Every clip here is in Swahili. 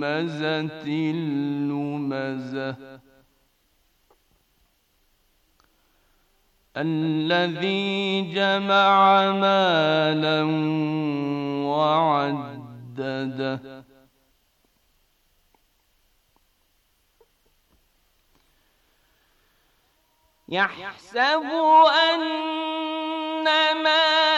لمزة لمزة الذي جمع مالا وعدده يحسب أن مالا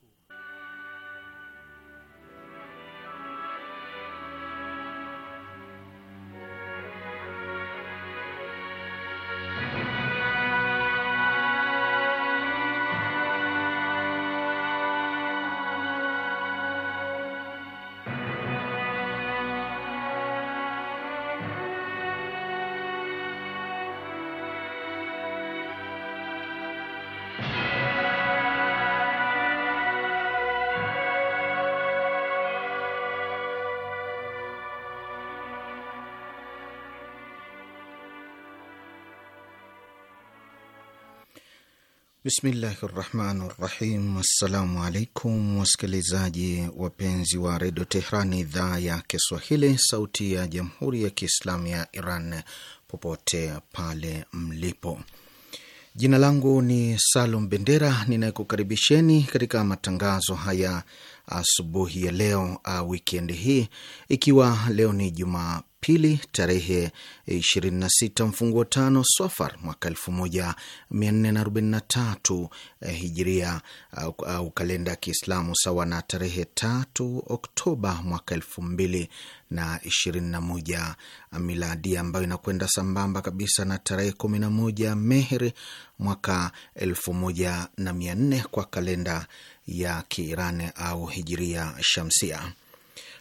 Bismillahi rahmani rahim. Assalamu alaikum wasikilizaji wapenzi wa redio Tehrani, idhaa ya Kiswahili, sauti ya jamhuri ya kiislamu ya Iran, popote pale mlipo. Jina langu ni Salum Bendera ninayekukaribisheni katika matangazo haya asubuhi ya leo, uh, wikendi hii, ikiwa leo ni Jumaa pili tarehe 26 mfunguo tano Swafar mwaka 1443 eh, Hijria au kalenda ya Kiislamu sawa na tarehe 3 Oktoba mwaka 2021 miladi, ambayo inakwenda sambamba kabisa na tarehe 11 Mehri mwaka 1400 kwa kalenda ya Kiirani au Hijria Shamsia.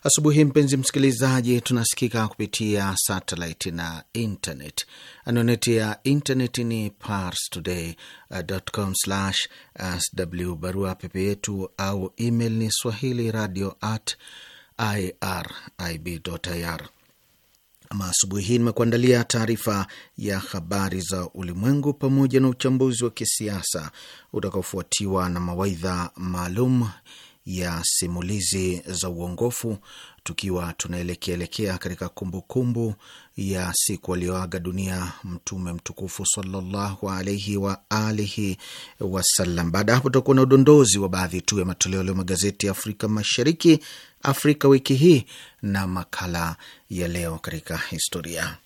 Asubuhi mpenzi msikilizaji, tunasikika kupitia satellite na internet. Anwani ya internet ni parstoday.com/sw. Barua pepe yetu au email ni swahili radio at irib.ir. Ama asubuhi hii nimekuandalia taarifa ya habari za ulimwengu pamoja na uchambuzi wa kisiasa utakaofuatiwa na mawaidha maalum ya simulizi za uongofu, tukiwa elekea katika kumbukumbu ya siku aliyoaga dunia Mtume mtukufu sallallahu alaihi wa alihi wasallam. Baada ya hapo, tutakuwa na udondozi wa baadhi tu ya matoleo leo magazeti ya Afrika Mashariki, Afrika wiki hii na makala ya leo katika historia.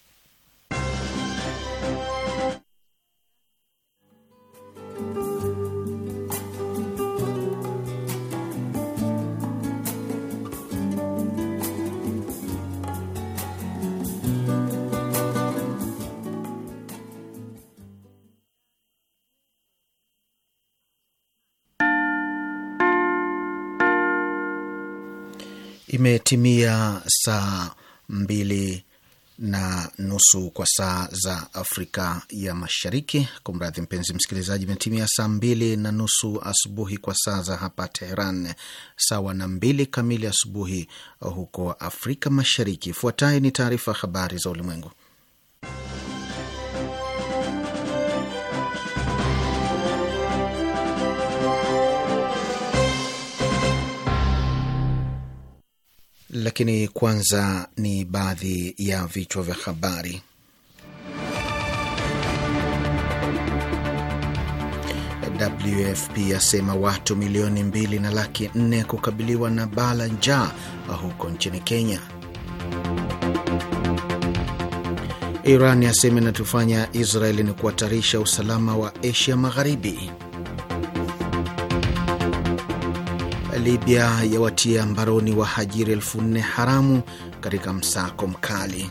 Imetimia saa mbili na nusu kwa saa za Afrika ya Mashariki. Kumradhi mpenzi msikilizaji, imetimia saa mbili na nusu asubuhi kwa saa za hapa Teheran, sawa na mbili kamili asubuhi huko Afrika Mashariki. Ifuatayo ni taarifa habari za ulimwengu. lakini kwanza ni baadhi ya vichwa vya habari. WFP yasema watu milioni mbili na laki nne kukabiliwa na bala njaa huko nchini Kenya. Iran yasema inatufanya Israeli ni kuhatarisha usalama wa Asia Magharibi. Libya yawatia mbaroni wahajiri elfu nne haramu katika msako mkali,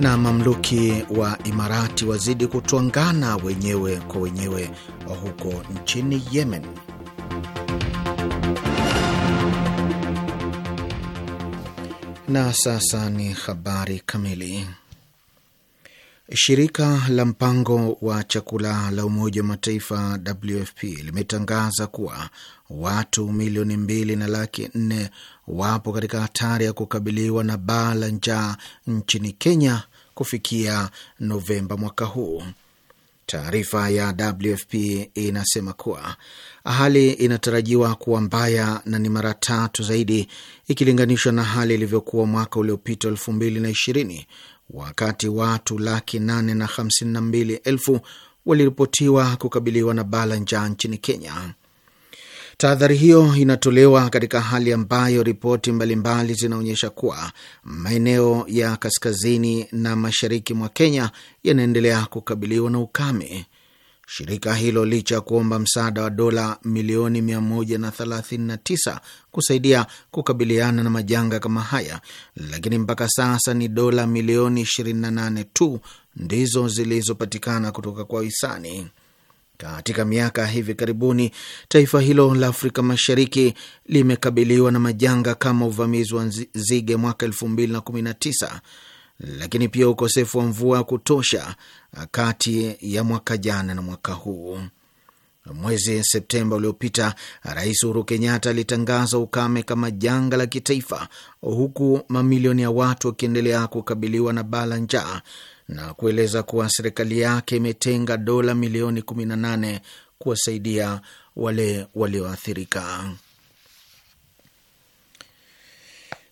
na mamluki wa Imarati wazidi kutwangana wenyewe kwa wenyewe huko nchini Yemen. Na sasa ni habari kamili. Shirika la mpango wa chakula la Umoja wa Mataifa WFP limetangaza kuwa watu milioni mbili na laki nne wapo katika hatari ya kukabiliwa na baa la njaa nchini Kenya kufikia Novemba mwaka huu. Taarifa ya WFP inasema kuwa hali inatarajiwa kuwa mbaya na ni mara tatu zaidi ikilinganishwa na hali ilivyokuwa mwaka uliopita elfu mbili na ishirini wakati watu laki nane na hamsini na mbili elfu waliripotiwa kukabiliwa na bala njaa nchini Kenya. Tahadhari hiyo inatolewa katika hali ambayo ripoti mbalimbali zinaonyesha kuwa maeneo ya kaskazini na mashariki mwa Kenya yanaendelea kukabiliwa na ukame. Shirika hilo licha ya kuomba msaada wa dola milioni 139 kusaidia kukabiliana na majanga kama haya, lakini mpaka sasa ni dola milioni 28 tu ndizo zilizopatikana kutoka kwa hisani. Katika miaka hivi karibuni taifa hilo la Afrika Mashariki limekabiliwa na majanga kama uvamizi wa nzige mwaka 2019 lakini pia ukosefu wa mvua ya kutosha kati ya mwaka jana na mwaka huu. Mwezi Septemba uliopita Rais Uhuru Kenyatta alitangaza ukame kama janga la kitaifa, huku mamilioni ya watu wakiendelea kukabiliwa na baa la njaa na kueleza kuwa serikali yake imetenga dola milioni 18 kuwasaidia wale walioathirika.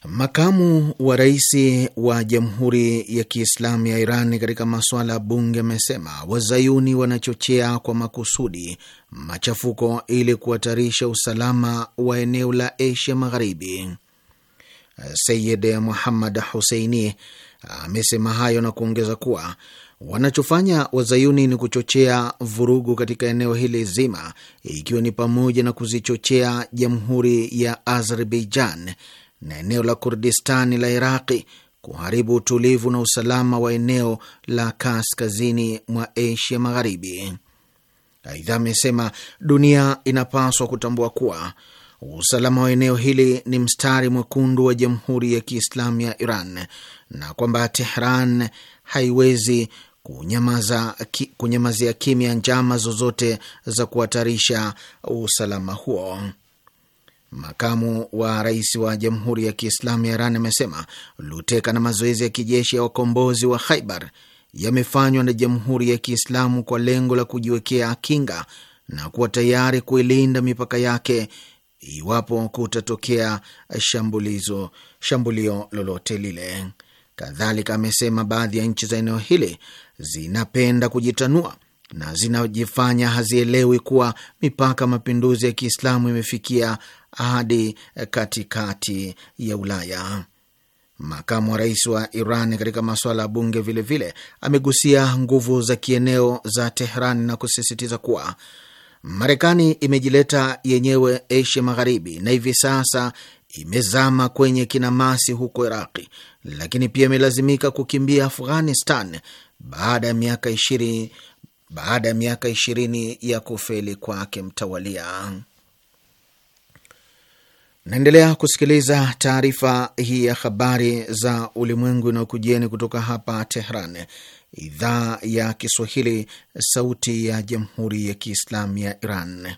Makamu wa rais wa Jamhuri ya Kiislamu ya Iran katika masuala ya bunge amesema wazayuni wanachochea kwa makusudi machafuko ili kuhatarisha usalama wa eneo la Asia Magharibi. Sayid Muhammad Huseini amesema hayo na kuongeza kuwa wanachofanya wazayuni ni kuchochea vurugu katika eneo hili zima, ikiwa ni pamoja na kuzichochea Jamhuri ya Azerbaijan na eneo la Kurdistani la Iraqi kuharibu utulivu na usalama wa eneo la kaskazini mwa Asia Magharibi. Aidha amesema dunia inapaswa kutambua kuwa usalama wa eneo hili ni mstari mwekundu wa Jamhuri ya Kiislamu ya Iran na kwamba Tehran haiwezi kunyamaza, ki, kunyamazia kimya njama zozote za kuhatarisha usalama huo. Makamu wa rais wa Jamhuri ya Kiislamu ya Iran amesema luteka na mazoezi ya kijeshi ya wakombozi wa Khaibar yamefanywa na Jamhuri ya Kiislamu kwa lengo la kujiwekea kinga na kuwa tayari kuilinda mipaka yake iwapo kutatokea shambulizo shambulio lolote lile. Kadhalika amesema baadhi ya nchi za eneo hili zinapenda kujitanua na zinajifanya hazielewi kuwa mipaka mapinduzi ya Kiislamu imefikia hadi katikati ya Ulaya. Makamu wa rais wa Iran katika masuala ya bunge vilevile amegusia nguvu za kieneo za Tehran na kusisitiza kuwa Marekani imejileta yenyewe Asia Magharibi na hivi sasa imezama kwenye kinamasi huko Iraqi, lakini pia imelazimika kukimbia Afghanistan baada ya miaka ishirini baada ya miaka ishirini ya kufeli kwake mtawalia. Naendelea kusikiliza taarifa hii ya habari za ulimwengu inayokujieni kutoka hapa Tehran, idhaa ya Kiswahili, sauti ya jamhuri ya kiislamu ya Iran.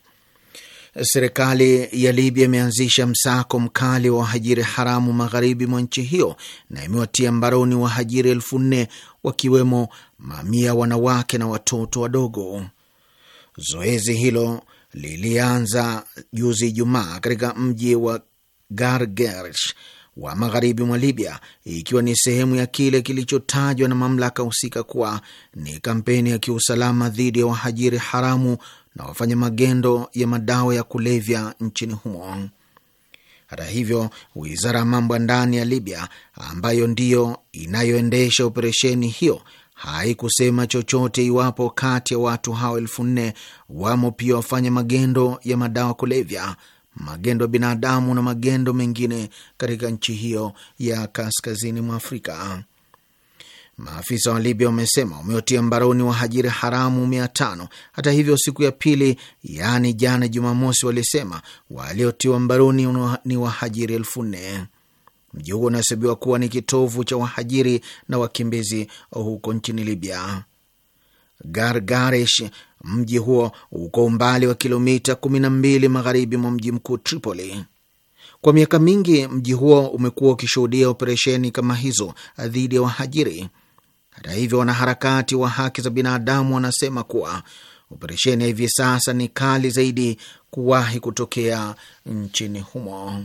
Serikali ya Libya imeanzisha msako mkali wa wahajiri haramu magharibi mwa nchi hiyo na imewatia mbaroni wahajiri elfu nne wakiwemo mamia wanawake na watoto wadogo. Zoezi hilo lilianza juzi Ijumaa katika mji wa Gargesh wa magharibi mwa Libya, ikiwa ni sehemu ya kile kilichotajwa na mamlaka husika kuwa ni kampeni ya kiusalama dhidi ya wahajiri haramu na wafanya magendo ya madawa ya kulevya nchini humo. Hata hivyo, wizara ya mambo ya ndani ya Libya, ambayo ndiyo inayoendesha operesheni hiyo, haikusema chochote iwapo kati ya watu hao elfu nne wamo pia wafanya magendo ya madawa kulevya, magendo ya binadamu na magendo mengine katika nchi hiyo ya kaskazini mwa Afrika. Maafisa wa Libya wamesema wameotia mbaroni wahajiri haramu mia tano. Hata hivyo, siku ya pili, yaani jana Jumamosi, walisema waliotiwa mbaroni ni wahajiri elfu nne. Mji huo unahesabiwa kuwa ni kitovu cha wahajiri na wakimbizi huko nchini Libya. Gargarish, mji huo uko umbali wa kilomita 12 magharibi mwa mji mkuu Tripoli. Kwa miaka mingi mji huo umekuwa ukishuhudia operesheni kama hizo dhidi ya wahajiri. Hata hivyo, wanaharakati wa haki za binadamu wanasema kuwa operesheni ya hivi sasa ni kali zaidi kuwahi kutokea nchini humo.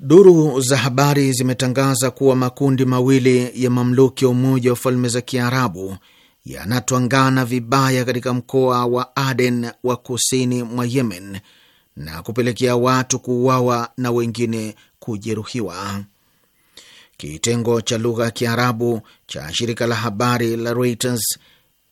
Duru za habari zimetangaza kuwa makundi mawili ya mamluki wa Umoja wa Falme za Kiarabu yanatwangana vibaya katika mkoa wa Aden wa kusini mwa Yemen na kupelekea watu kuuawa na wengine kujeruhiwa. Kitengo cha lugha ya Kiarabu cha shirika la habari la Reuters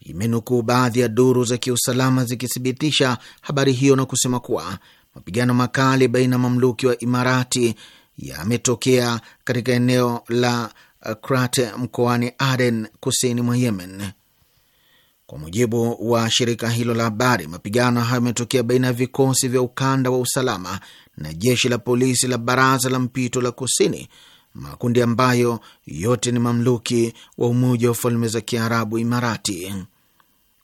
imenukuu baadhi ya duru za kiusalama zikithibitisha habari hiyo na kusema kuwa mapigano makali baina ya mamluki wa Imarati yametokea katika eneo la Krate mkoani Aden kusini mwa Yemen. Kwa mujibu wa shirika hilo la habari, mapigano hayo yametokea baina ya vikosi vya ukanda wa usalama na jeshi la polisi la Baraza la Mpito la Kusini, makundi ambayo yote ni mamluki wa Umoja wa Falme za Kiarabu, Imarati.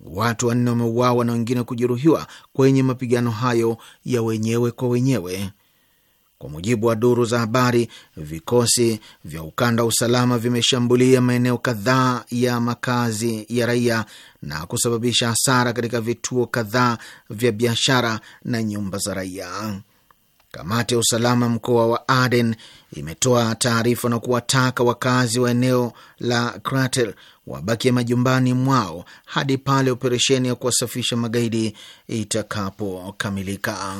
Watu wanne wameuawa na wengine kujeruhiwa kwenye mapigano hayo ya wenyewe kwa wenyewe. Kwa mujibu wa duru za habari, vikosi vya ukanda wa usalama vimeshambulia maeneo kadhaa ya makazi ya raia na kusababisha hasara katika vituo kadhaa vya biashara na nyumba za raia. Kamati ya usalama mkoa wa Aden imetoa taarifa na kuwataka wakazi wa eneo la Krater wabakie majumbani mwao hadi pale operesheni ya kuwasafisha magaidi itakapokamilika.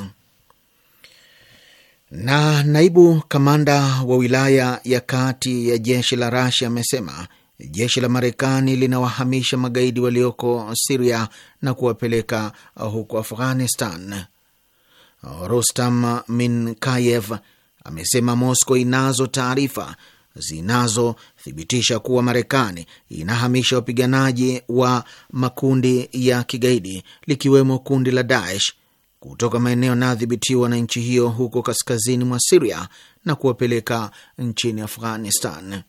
Na naibu kamanda wa wilaya ya kati ya jeshi la Rasia amesema jeshi la Marekani linawahamisha magaidi walioko Siria na kuwapeleka huko Afghanistan. Rustam Minkayev amesema Moscow inazo taarifa zinazothibitisha kuwa Marekani inahamisha wapiganaji wa makundi ya kigaidi likiwemo kundi la Daesh kutoka maeneo yanayodhibitiwa na nchi hiyo huko kaskazini mwa Siria na kuwapeleka nchini Afghanistan.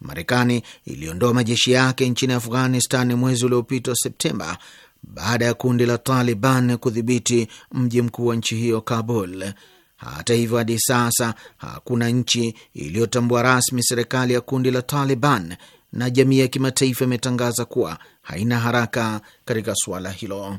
Marekani iliondoa majeshi yake nchini Afghanistan mwezi uliopita Septemba baada ya kundi la Taliban kudhibiti mji mkuu wa nchi hiyo Kabul. Hata hivyo, hadi sasa hakuna nchi iliyotambua rasmi serikali ya kundi la Taliban na jamii ya kimataifa imetangaza kuwa haina haraka katika suala hilo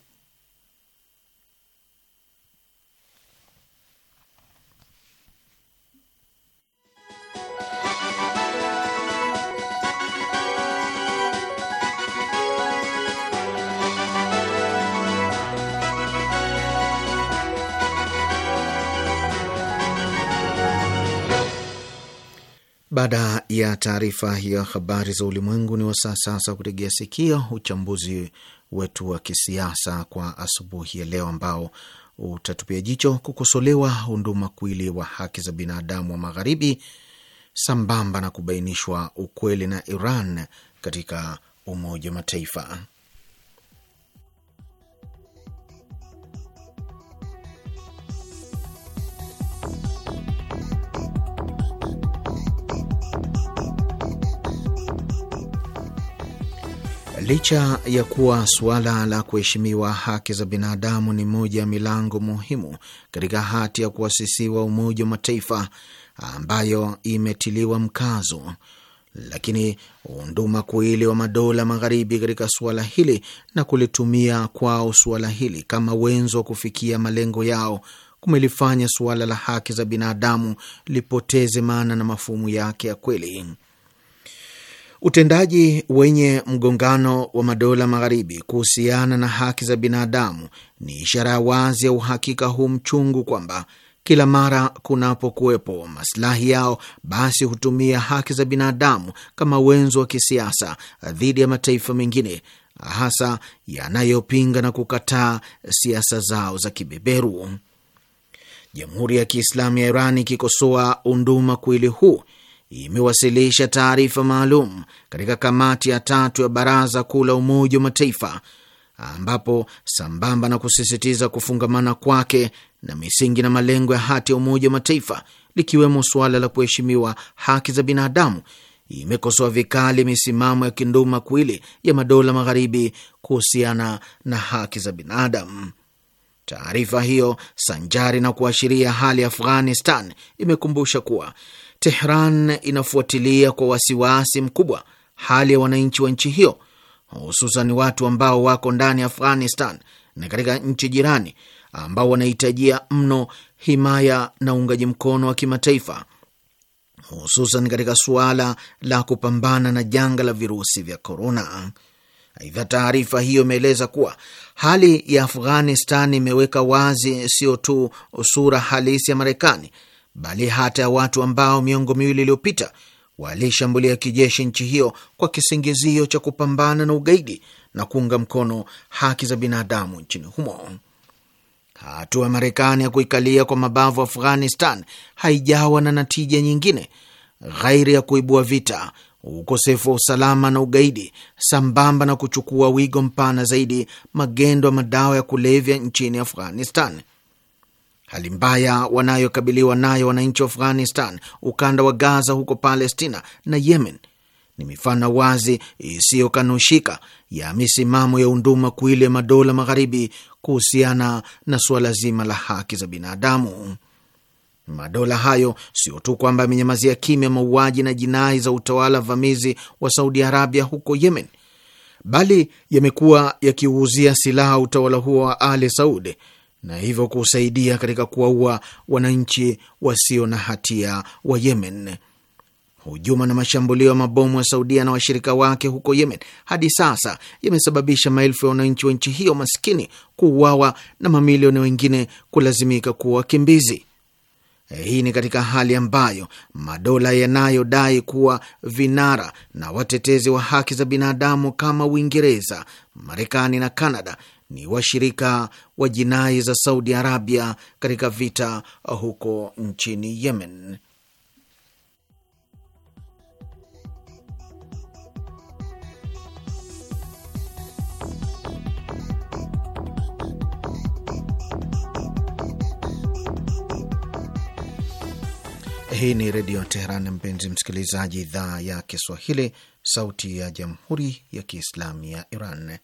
Baada ya taarifa ya habari za ulimwengu, ni wasaa sasa kutegea sikio uchambuzi wetu wa kisiasa kwa asubuhi ya leo ambao utatupia jicho kukosolewa undumakuwili wa haki za binadamu wa Magharibi sambamba na kubainishwa ukweli na Iran katika Umoja wa Mataifa. Licha ya kuwa suala la kuheshimiwa haki za binadamu ni moja ya milango muhimu katika hati ya kuasisiwa Umoja wa Mataifa ambayo imetiliwa mkazo, lakini unduma kuili wa madola magharibi katika suala hili na kulitumia kwao suala hili kama wenzo wa kufikia malengo yao kumelifanya suala la haki za binadamu lipoteze maana na mafumu yake ya kweli. Utendaji wenye mgongano wa madola magharibi kuhusiana na haki za binadamu ni ishara ya wazi ya uhakika huu mchungu kwamba kila mara kunapokuwepo maslahi yao, basi hutumia haki za binadamu kama wenzo wa kisiasa dhidi ya mataifa mengine, hasa yanayopinga na kukataa siasa zao za kibeberu. Jamhuri ya Kiislamu ya Iran ikikosoa unduma kuili huu imewasilisha taarifa maalum katika kamati ya tatu ya Baraza Kuu la Umoja wa Mataifa, ambapo sambamba na kusisitiza kufungamana kwake na misingi na malengo ya hati ya Umoja wa Mataifa, likiwemo suala la kuheshimiwa haki za binadamu, imekosoa vikali misimamo ya kinduma kwili ya madola magharibi kuhusiana na haki za binadamu. Taarifa hiyo, sanjari na kuashiria hali ya Afghanistan, imekumbusha kuwa Tehran inafuatilia kwa wasiwasi mkubwa hali ya wananchi wa nchi hiyo, hususan watu ambao wako ndani ya Afghanistan na katika nchi jirani, ambao wanahitajia mno himaya na uungaji mkono wa kimataifa, hususan katika suala la kupambana na janga la virusi vya korona. Aidha, taarifa hiyo imeeleza kuwa hali ya Afghanistan imeweka wazi sio tu sura halisi ya Marekani bali hata ya watu ambao miongo miwili iliyopita walishambulia kijeshi nchi hiyo kwa kisingizio cha kupambana na ugaidi na kuunga mkono haki za binadamu nchini humo. Hatua ya Marekani ya kuikalia kwa mabavu Afghanistan haijawa na natija nyingine ghairi ya kuibua vita, ukosefu wa usalama na ugaidi, sambamba na kuchukua wigo mpana zaidi magendo ya madawa ya kulevya nchini Afghanistan hali mbaya wanayokabiliwa nayo wananchi wa Afghanistan, ukanda wa Gaza, huko Palestina na Yemen ni mifano wazi isiyokanushika ya misimamo ya unduma kuili ya madola magharibi kuhusiana na suala zima la haki za binadamu. Madola hayo sio tu kwamba yamenyamazia kimya mauaji na jinai za utawala vamizi wa Saudi Arabia huko Yemen, bali yamekuwa yakiuuzia silaha utawala huo wa Ali Saudi na hivyo kusaidia katika kuwaua wananchi wasio na hatia wa Yemen. Hujuma na mashambulio ya mabomu ya Saudia na washirika wake huko Yemen hadi sasa yamesababisha maelfu ya wananchi wa nchi hiyo maskini kuuawa na mamilioni wengine kulazimika kuwa wakimbizi. Hii ni katika hali ambayo madola yanayodai kuwa vinara na watetezi wa haki za binadamu kama Uingereza, Marekani na Kanada ni washirika wa jinai za Saudi Arabia katika vita huko nchini Yemen. Hii ni Redio Teheran, mpenzi msikilizaji, idhaa ya Kiswahili, sauti ya Jamhuri ya Kiislamu ya Iran.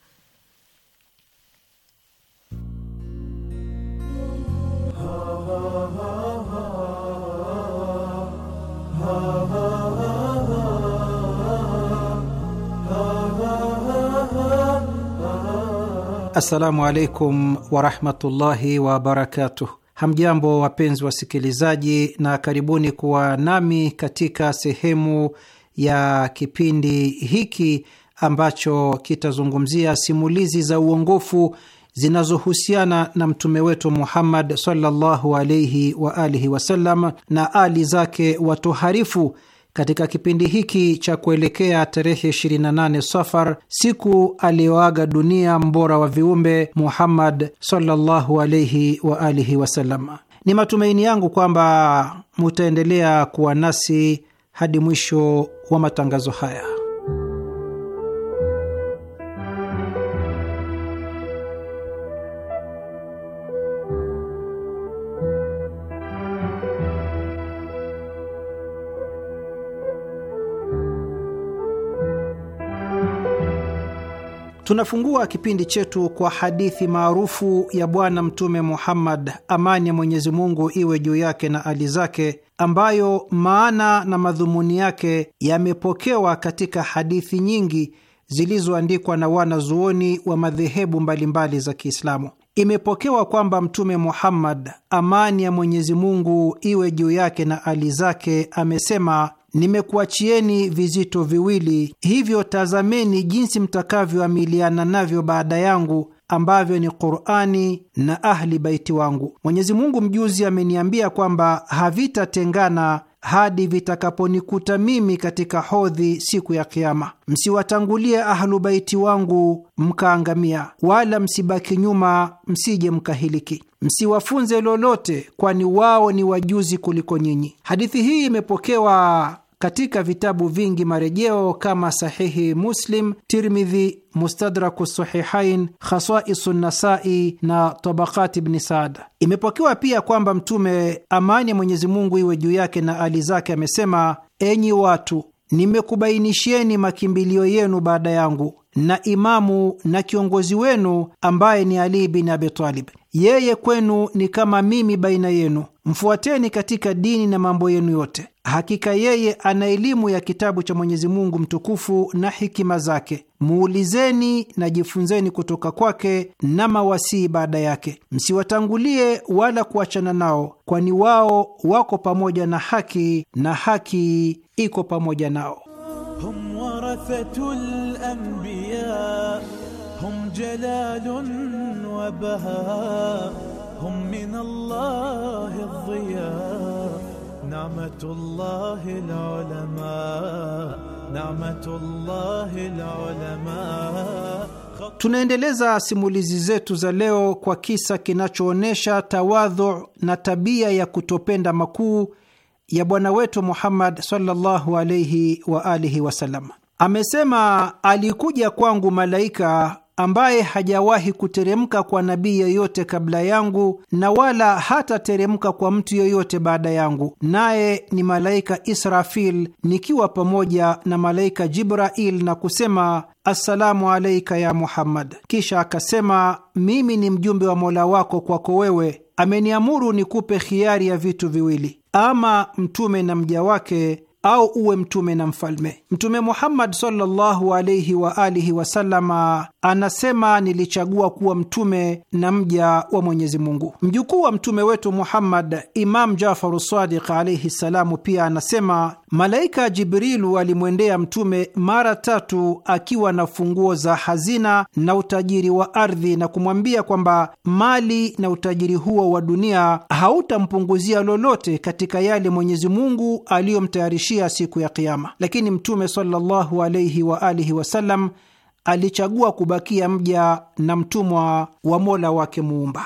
Assalamu alaikum warahmatullahi wabarakatuh. Hamjambo wapenzi wasikilizaji, na karibuni kuwa nami katika sehemu ya kipindi hiki ambacho kitazungumzia simulizi za uongofu zinazohusiana na mtume wetu Muhammad sallallahu alaihi waalihi wasallam na ali zake watoharifu katika kipindi hiki cha kuelekea tarehe 28 Safar, siku aliyoaga dunia mbora wa viumbe Muhammad sallallahu alaihi wa alihi wasallam, ni matumaini yangu kwamba mutaendelea kuwa nasi hadi mwisho wa matangazo haya. Tunafungua kipindi chetu kwa hadithi maarufu ya Bwana Mtume Muhammad, amani ya Mwenyezi Mungu iwe juu yake na ali zake, ambayo maana na madhumuni yake yamepokewa katika hadithi nyingi zilizoandikwa na wanazuoni wa madhehebu mbalimbali za Kiislamu. Imepokewa kwamba Mtume Muhammad, amani ya Mwenyezi Mungu iwe juu yake na ali zake, amesema nimekuachieni vizito viwili, hivyo tazameni jinsi mtakavyoamiliana navyo baada yangu ambavyo ni Qurani na Ahli Baiti wangu. Mwenyezi Mungu mjuzi ameniambia kwamba havitatengana hadi vitakaponikuta mimi katika hodhi siku ya Kiama. Msiwatangulie ahlubaiti wangu mkaangamia, wala msibaki nyuma, msije mkahiliki msiwafunze lolote, kwani wao ni wajuzi kuliko nyinyi. Hadithi hii imepokewa katika vitabu vingi marejeo kama Sahihi Muslim, Tirmidhi, Mustadraku Sahihain, Khasaisu Nasai na Tabakati Bni Saada. Imepokewa pia kwamba Mtume, amani ya Mwenyezi Mungu iwe juu yake na ali zake, amesema: enyi watu, nimekubainishieni makimbilio yenu baada yangu na imamu na kiongozi wenu ambaye ni Ali bin Abi Talib. Yeye kwenu ni kama mimi baina yenu, mfuateni katika dini na mambo yenu yote. Hakika yeye ana elimu ya kitabu cha Mwenyezi Mungu mtukufu na hikima zake, muulizeni na jifunzeni kutoka kwake na mawasii baada yake, msiwatangulie wala kuachana nao, kwani wao wako pamoja na haki na haki iko pamoja nao. هم ورثة الأنبياء هم جلال وبهاء هم من الله الضياء نعمة الله العلماء نعمة الله العلماء Tunaendeleza simulizi zetu za leo kwa kisa kinachoonyesha tawadhu na tabia ya kutopenda makuu ya bwana wetu Muhammad sallallahu wa alihi wasallam. Amesema, alikuja kwangu malaika ambaye hajawahi kuteremka kwa nabii yoyote kabla yangu na wala hatateremka kwa mtu yoyote baada yangu, naye ni malaika Israfil, nikiwa pamoja na malaika Jibrail, na kusema assalamu alaika ya Muhammad. Kisha akasema, mimi ni mjumbe wa mola wako kwako wewe, ameniamuru nikupe khiari ya vitu viwili ama mtume na mja wake au uwe mtume na mfalme. Mtume Muhammad sallallahu alaihi wa alihi ah, anasema, nilichagua kuwa mtume na mja wa Mwenyezi Mungu. Mjukuu wa mtume wetu Muhammad, Imam Jafaru Sadiq alaihi ssalamu, pia anasema malaika Jibrilu alimwendea mtume mara tatu akiwa na funguo za hazina na utajiri wa ardhi na kumwambia kwamba mali na utajiri huo wa dunia hautampunguzia lolote katika yale Mwenyezi Mungu aliyomtayarishia kuishia siku ya Kiama, lakini Mtume sallallahu alaihi alihi wasallam alichagua kubakia mja na mtumwa wa Mola wake Muumba.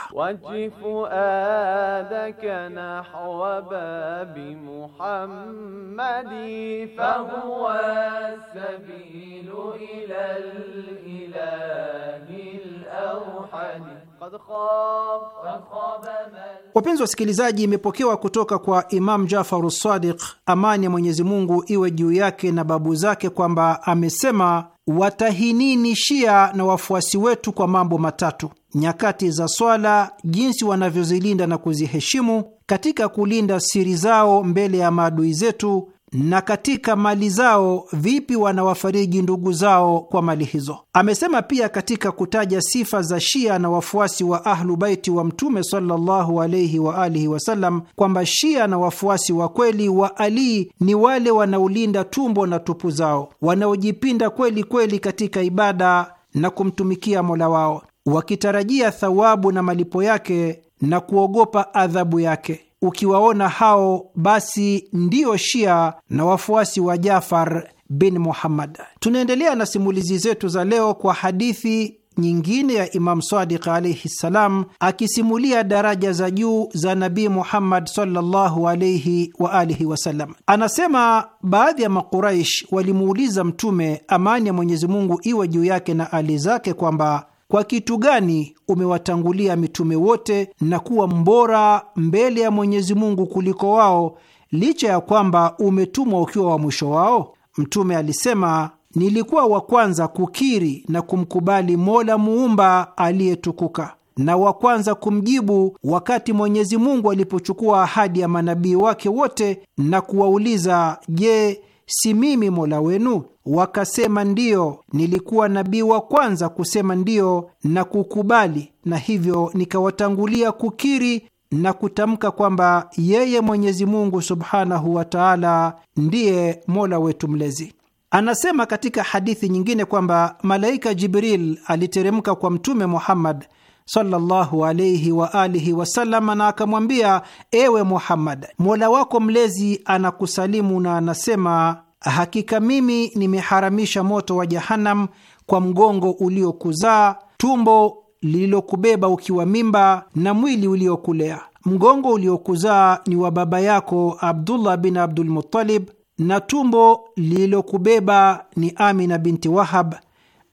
Wapenzi wasikilizaji, imepokewa kutoka kwa Imam Jafaru Sadiq, amani ya Mwenyezi Mungu iwe juu yake na babu zake, kwamba amesema watahinini Shia na wafuasi wetu kwa mambo matatu: nyakati za swala, jinsi wanavyozilinda na kuziheshimu, katika kulinda siri zao mbele ya maadui zetu, na katika mali zao vipi wanawafariji ndugu zao kwa mali hizo. Amesema pia katika kutaja sifa za Shia na wafuasi wa Ahlu Baiti wa Mtume sallallahu alaihi wa alihi wasallam kwamba Shia na wafuasi wa kweli wa Ali ni wale wanaolinda tumbo na tupu zao, wanaojipinda kweli kweli katika ibada na kumtumikia Mola wao wakitarajia thawabu na malipo yake na kuogopa adhabu yake ukiwaona hao basi ndiyo Shia na wafuasi wa Jafar bin Muhammad. Tunaendelea na simulizi zetu za leo kwa hadithi nyingine ya Imam Sadiq alaihi ssalam, akisimulia daraja za juu za Nabii Muhammad sallallahu alaihi wa alihi wasallam. Anasema baadhi ya Makuraish walimuuliza Mtume, amani ya Mwenyezi Mungu iwe juu yake na ali zake, kwamba kwa kitu gani umewatangulia mitume wote na kuwa mbora mbele ya Mwenyezi Mungu kuliko wao, licha ya kwamba umetumwa ukiwa wa mwisho wao? Mtume alisema, nilikuwa wa kwanza kukiri na kumkubali Mola muumba aliyetukuka na wa kwanza kumjibu wakati Mwenyezi Mungu alipochukua ahadi ya manabii wake wote na kuwauliza, je, si mimi mola wenu? Wakasema ndiyo, nilikuwa nabii wa kwanza kusema ndiyo na kukubali, na hivyo nikawatangulia kukiri na kutamka kwamba yeye Mwenyezi Mungu subhanahu wa taala ndiye mola wetu mlezi. Anasema katika hadithi nyingine kwamba malaika Jibril aliteremka kwa Mtume Muhammad sallallahu alayhi wa alihi wasallam, na akamwambia: ewe Muhammad, mola wako mlezi anakusalimu na anasema, hakika mimi nimeharamisha moto wa Jahanam kwa mgongo uliokuzaa, tumbo lililokubeba ukiwa mimba na mwili uliokulea. Mgongo uliokuzaa ni wa baba yako Abdullah bin Abdul Muttalib, na tumbo lililokubeba ni Amina binti Wahab,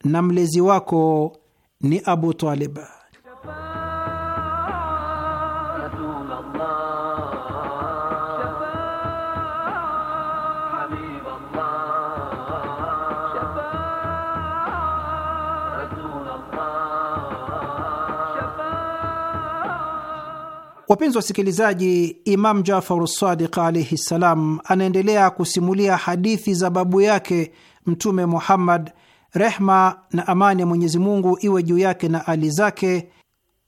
na mlezi wako ni Abu Talib. Wapenzi wasikilizaji, Imam Jafar Sadiq alaihi ssalam anaendelea kusimulia hadithi za babu yake Mtume Muhammad, rehma na amani ya Mwenyezi Mungu iwe juu yake na ali zake,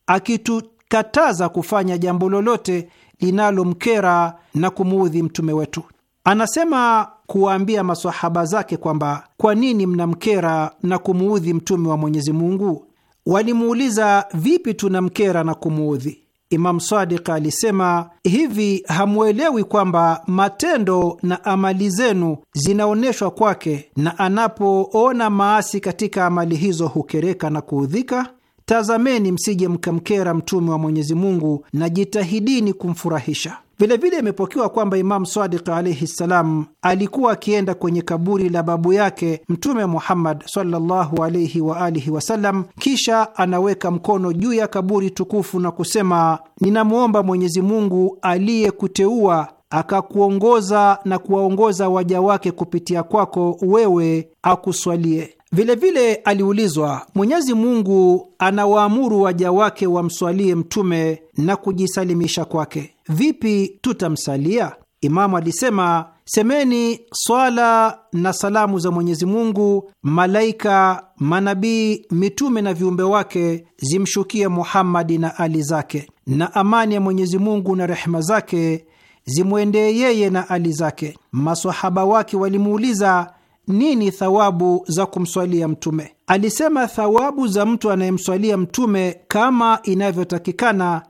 akitukataza kufanya jambo lolote linalomkera na kumuudhi mtume wetu. Anasema kuwaambia masahaba zake kwamba kwa nini mnamkera na kumuudhi mtume wa Mwenyezi Mungu? Walimuuliza, vipi tunamkera na kumuudhi? Imam Sadiq alisema hivi, hamwelewi kwamba matendo na amali zenu zinaonyeshwa kwake, na anapoona maasi katika amali hizo hukereka na kuudhika? tazameni msije mkamkera mtume wa Mwenyezi Mungu na jitahidini kumfurahisha. Vilevile imepokewa kwamba Imamu Sadiq alaihi ssalam alikuwa akienda kwenye kaburi la babu yake Mtume Muhammad sallallahu alaihi wa alihi wasallam, kisha anaweka mkono juu ya kaburi tukufu na kusema, ninamwomba Mwenyezi Mungu aliyekuteua akakuongoza na kuwaongoza waja wake kupitia kwako wewe akuswalie. Vilevile aliulizwa, Mwenyezi Mungu anawaamuru waja wake wamswalie mtume na kujisalimisha kwake, vipi tutamsalia? Imamu alisema, semeni swala na salamu za Mwenyezi Mungu, malaika, manabii, mitume na viumbe wake zimshukie Muhammadi na ali zake, na amani ya Mwenyezi Mungu na rehema zake zimwendee yeye na ali zake. Masahaba wake walimuuliza nini thawabu za kumswalia Mtume? Alisema thawabu za mtu anayemswalia Mtume kama inavyotakikana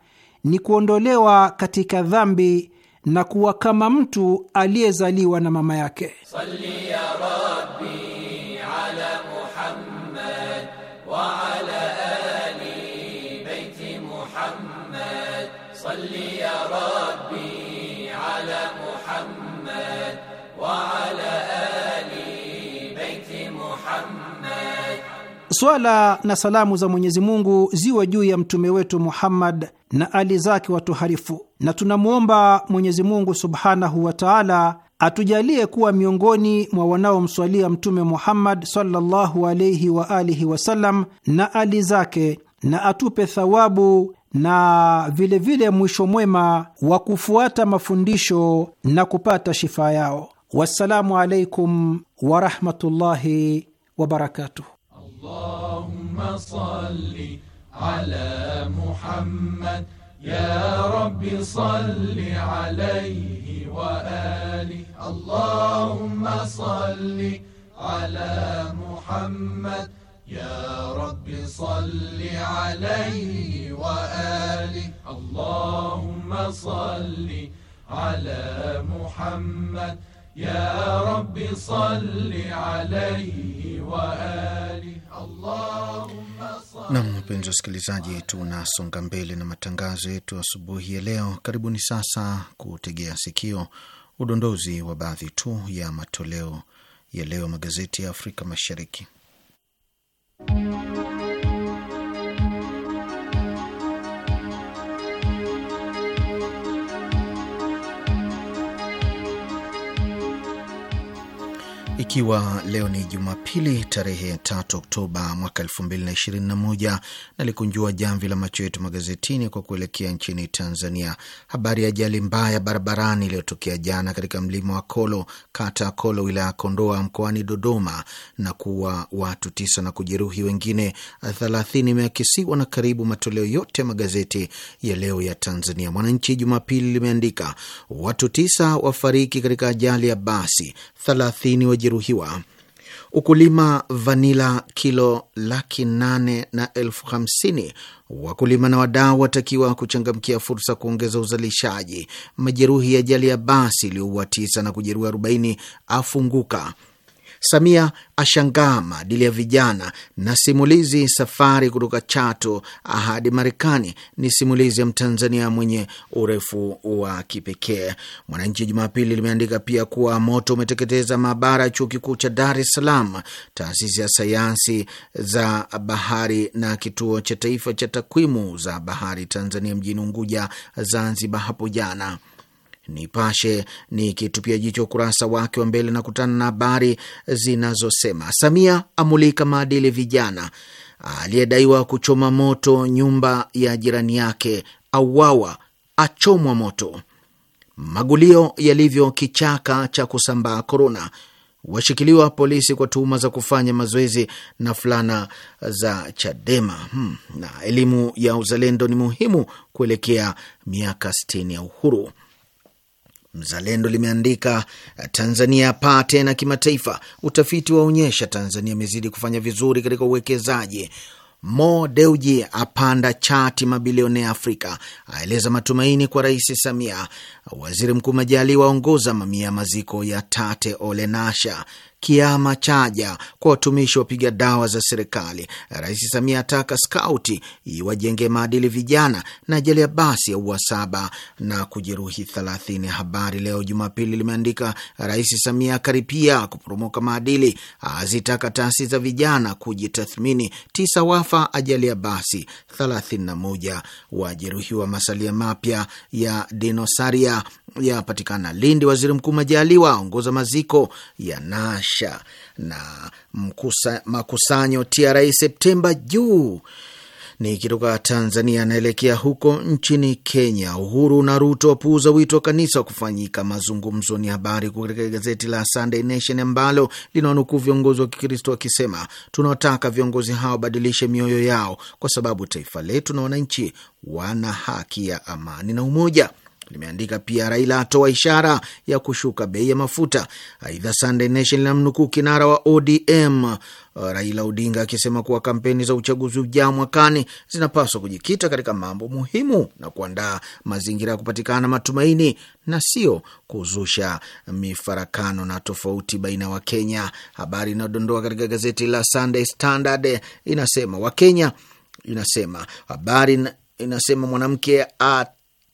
ni kuondolewa katika dhambi na kuwa kama mtu aliyezaliwa na mama yake. Salli ya Swala na salamu za Mwenyezi Mungu ziwe juu ya mtume wetu Muhammad na ali zake watoharifu, na tunamwomba Mwenyezi Mungu subhanahu wa taala atujalie kuwa miongoni mwa wanaomswalia mtume Muhammad sallallahu alaihi wa alihi wasallam na ali zake, na atupe thawabu na vilevile vile mwisho mwema wa kufuata mafundisho na kupata shifaa yao. Wassalamu alaikum warahmatullahi wabarakatuh. اللهم صل على محمد يا رب صل عليه وآله اللهم صل على محمد يا رب صل عليه وآله اللهم صل على محمد ya rabbi salli alayhi wa alihi Nam, wa wasikilizaji, tunasonga mbele na matangazo yetu asubuhi ya leo. Karibuni sasa kutegea sikio udondozi wa baadhi tu ya matoleo ya leo magazeti ya Afrika Mashariki. ikiwa leo ni Jumapili tarehe 3 Oktoba mwaka 2021 na likunjua jamvi la macho yetu magazetini kwa kuelekea nchini Tanzania. Habari ya ajali mbaya barabarani iliyotokea jana katika mlima wa Kolo, kata ya Kolo, wilaya ya Kondoa, mkoani Dodoma na kuwa watu tisa na kujeruhi wengine thelathini imeakisiwa na karibu matoleo yote ya magazeti ya leo ya Tanzania. Mwananchi Jumapili limeandika watu tisa wafariki katika ajali ya basi thelathini wajeruhiwa. Ukulima vanila kilo laki nane na elfu hamsini. Wakulima na wadau watakiwa kuchangamkia fursa kuongeza uzalishaji. Majeruhi ya ajali ya basi iliyoua tisa na kujeruhi 40 afunguka Samia ashangaa maadili ya vijana, na simulizi safari kutoka Chato hadi Marekani ni simulizi ya Mtanzania mwenye urefu wa kipekee. Mwananchi Jumapili limeandika pia kuwa moto umeteketeza maabara ya chuo kikuu cha Dar es Salaam, taasisi ya sayansi za bahari na kituo cha taifa cha takwimu za bahari Tanzania mjini Unguja, Zanzibar hapo jana. Nipashe ni kitupia jicho ukurasa wake wa mbele na kutana na habari zinazosema Samia amulika maadili vijana, aliyedaiwa kuchoma moto nyumba ya jirani yake auawa, achomwa moto, magulio yalivyo kichaka cha kusambaa korona, washikiliwa polisi kwa tuhuma za kufanya mazoezi na fulana za Chadema. Hmm, na elimu ya uzalendo ni muhimu kuelekea miaka sitini ya uhuru. Mzalendo limeandika Tanzania paa tena kimataifa, utafiti waonyesha Tanzania imezidi kufanya vizuri katika uwekezaji. Mo Deuji apanda chati mabilionea Afrika, aeleza matumaini kwa Rais Samia. Waziri Mkuu Majaliwa aongoza mamia ya maziko ya Tate Ole Nasha kiama chaja kwa watumishi wapiga dawa za serikali. Rais Samia ataka skauti iwajenge maadili vijana, na ajali ya basi ya ua saba na kujeruhi thelathini. Habari Leo Jumapili limeandika Rais Samia akaripia kuporomoka maadili, azitaka taasisi za vijana kujitathmini. Tisa wafa ajali ya basi, thelathini na moja wajeruhiwa. Masalia mapya ya dinosaria yapatikana Lindi. Waziri Mkuu Majaliwa aongoza maziko ya Nash kuimarisha na mkusa, makusanyo TRA Septemba juu. ni kitoka Tanzania anaelekea huko nchini Kenya. Uhuru na Ruto wapuuza wito wa kanisa wa kufanyika mazungumzo, ni habari kukatika katika gazeti la Sunday Nation ambalo linaonukuu viongozi wa Kikristo wakisema, tunawataka viongozi hao wabadilishe mioyo yao, kwa sababu taifa letu na wananchi wana haki ya amani na umoja limeandika pia Raila atoa ishara ya kushuka bei ya mafuta. Aidha, Sunday Nation linamnukuu kinara wa ODM uh, Raila Odinga akisema kuwa kampeni za uchaguzi ujao mwakani zinapaswa kujikita katika mambo muhimu na kuandaa mazingira ya kupatikana matumaini na sio kuzusha mifarakano na tofauti baina ya Wakenya. Habari inayodondoa katika gazeti la Sunday Standard inasema Wakenya, inasema habari inasema mwanamke at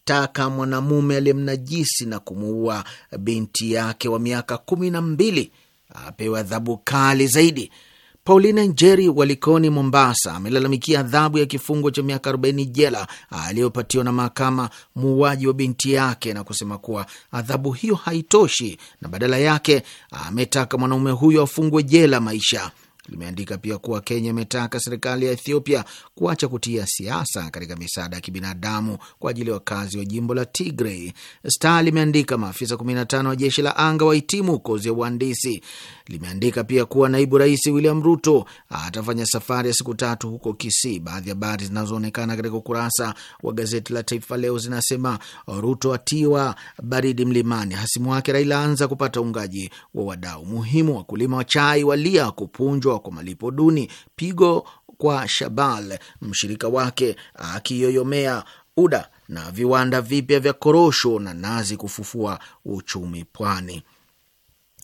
kumtaka mwanamume aliyemnajisi na kumuua binti yake wa miaka kumi na mbili apewe adhabu kali zaidi. Paulina Njeri Likoni, Mombasa, amelalamikia adhabu ya kifungo cha miaka 40 jela aliyopatiwa na mahakama muuaji wa binti yake na kusema kuwa adhabu hiyo haitoshi, na badala yake ametaka mwanaume huyo afungwe jela maisha limeandika pia kuwa Kenya imetaka serikali ya Ethiopia kuacha kutia siasa katika misaada ya kibinadamu kwa ajili ya wakazi wa jimbo la Tigray. Star limeandika maafisa 15 wa jeshi la anga wahitimu kozi ya uhandisi limeandika pia kuwa naibu rais William Ruto atafanya safari ya siku tatu huko Kisii. Baadhi ya habari zinazoonekana katika ukurasa wa gazeti la Taifa Leo zinasema Ruto atiwa baridi mlimani, hasimu wake Raila anza kupata uungaji wa wadau muhimu, wakulima wa chai walia kupunjwa kwa malipo duni, pigo kwa Shabal mshirika wake akiyoyomea UDA na viwanda vipya vya korosho na nazi kufufua uchumi pwani.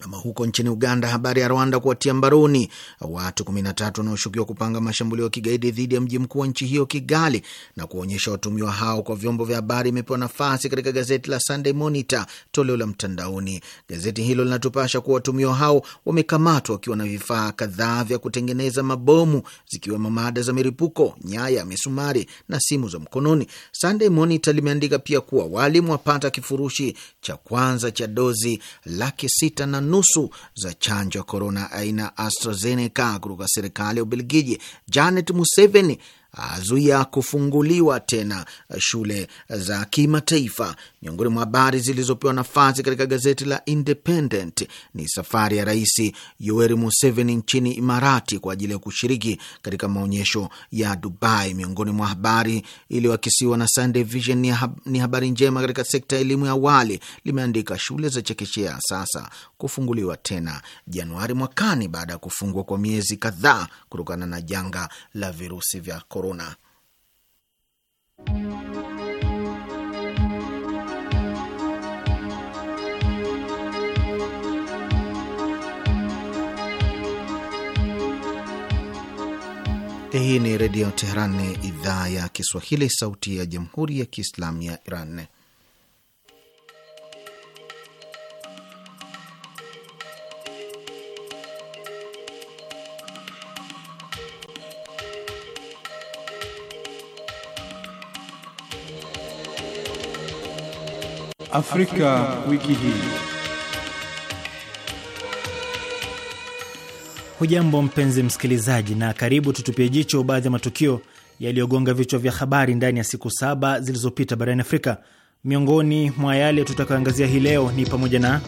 Ama huko nchini Uganda, habari ya Rwanda kuwatia mbaroni watu 13 wanaoshukiwa kupanga mashambulio ya kigaidi dhidi ya mji mkuu wa nchi hiyo Kigali, na kuwaonyesha watumiwa hao kwa vyombo vya habari imepewa nafasi katika gazeti la Sunday Monitor toleo la mtandaoni. Gazeti hilo linatupasha kuwa watumiwa hao wamekamatwa wakiwa na vifaa kadhaa vya kutengeneza mabomu zikiwemo mada za miripuko nyaya, misumari na simu za mkononi. Sunday Monitor limeandika pia kuwa walimu wapata kifurushi cha kwanza cha dozi laki sita na nusu za chanjo ya korona aina AstraZeneca kutoka serikali ya Ubelgiji. Janet Museveni azuia kufunguliwa tena shule za kimataifa. Miongoni mwa habari zilizopewa nafasi katika gazeti la Independent ni safari ya Rais Yoweri Museveni nchini Imarati kwa ajili ya kushiriki katika maonyesho ya Dubai. Miongoni mwa habari iliyoakisiwa na Sunday Vision ni, hab ni habari njema katika sekta ya elimu ya awali, limeandika shule za chekechea sasa kufunguliwa tena Januari mwakani baada ya kufungwa kwa miezi kadhaa kutokana na janga la virusi vya korona. Hii ni Redio Teheran, idhaa ya Kiswahili, sauti ya Jamhuri ya Kiislamu ya Iran. Afrika, Afrika wiki hii. Hujambo mpenzi msikilizaji, na karibu tutupie jicho baadhi ya matukio yaliyogonga vichwa vya habari ndani ya siku saba zilizopita barani Afrika. Miongoni mwa yale tutakayoangazia hii leo ni pamoja na